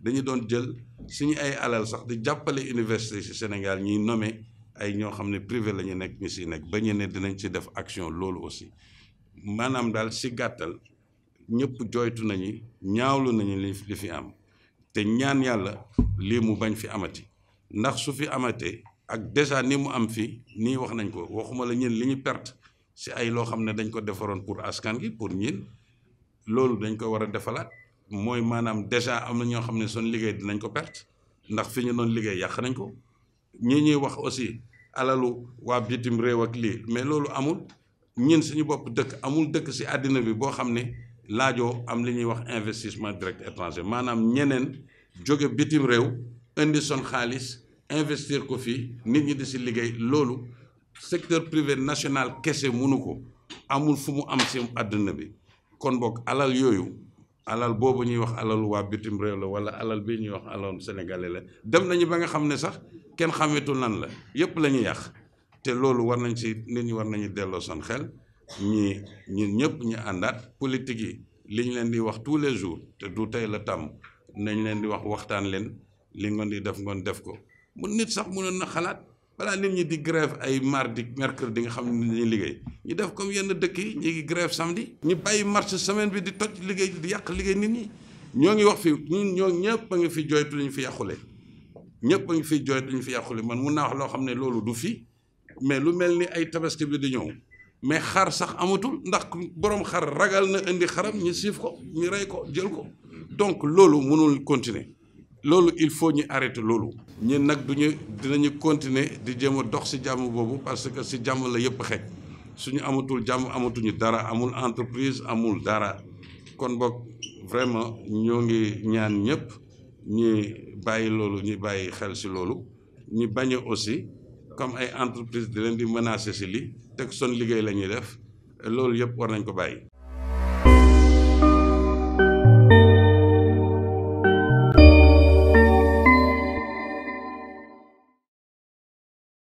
dañu doon jël suñu ay alal sax di jàppale université ci Sénégal ñuy nome ay ñoo xam ne privé la ñu nekk ñu si nekk ba ñu dinañ ci def action loolu aussi maanaam daal si gàttal ñëpp jooytu nañu ñaawlu nañu li li fi am te ñaan yàlla lii mu bañ fi amati ndax su fi amatee ak déjà ni mu am fii nii wax nañ ko waxuma la ñun li ñu perte si ay loo xam ne dañ ko defaroon pour askan gi pour ñin loolu dañ ko war a defalaat mooy maanaam déjà am na ñoo xam ne son liggéey dinañ ko perte ndax fi ñu doon liggéey yàq nañ ko ñi ñuy wax aussi alalu waa bitim réew ak lii mais loolu amul ñun suñu bopp dëkk amul dëkk si àddina bi boo xam ne laajoo am li ñuy wax investissement direct étranger maanaam ñeneen jóge bitim réew indi son xaalis investir ko fii nit ñi di si liggéey loolu secteur privé national kese mënu ko amul fu mu am si àddina bi kon boog alal yooyu alal boobu ñuy wax alalu waa bitim réew la wala alal bi ñuy wax alalu sénégalais la dem nañu ba nga xam ne sax kenn xametul lan la yépp la ñu yàq te loolu war nañ si nit ñi war nañu delloo seen xel ñii ñun ñëpp ñu àndaat politique yi li ñu leen di wax tous les jours te du tey la tàmm nañ leen di wax waxtaan leen li ngoon di def ngoon def ko mu nit sax mënoon na xalaat balaa nit ñi di grève ay mardi mercredi nga xam ne dañuy liggéey ñu def comme yenn dëkk yi ñu ngi grève samedi. ñu bàyyi marche semaine bi di toj liggéey di yàq liggéey nit ñi ñoo ngi wax fi ñun ñoo ñëpp a ngi fi jooytu ñu fi yàqule ñëpp a ngi fi jooytu ñu fi yàqule man mun naa wax loo xam ne loolu du fi mais lu mel ni ay tabaski bi di ñëw mais xar sax amatul ndax borom xar ragal na indi xaram ñu siif ko ñu rey ko jël ko donc loolu mënul continuer. loolu il faut ñu arrêter loolu ñun nag duñu dinañu continuer di jéem a dox ci jàmm boobu parce que ci jàmm la yëpp xej suñu amatul jàmm amatuñu dara amul entreprise amul dara kon boog vraiment ñoo ngi ñaan ñëpp ñi bàyyi loolu ñi bàyyi xel ci loolu ñi bañ aussi comme ay entreprise di leen di menacer ci li teg son liggéey la ñuy def loolu yëpp war nañ ko bàyyi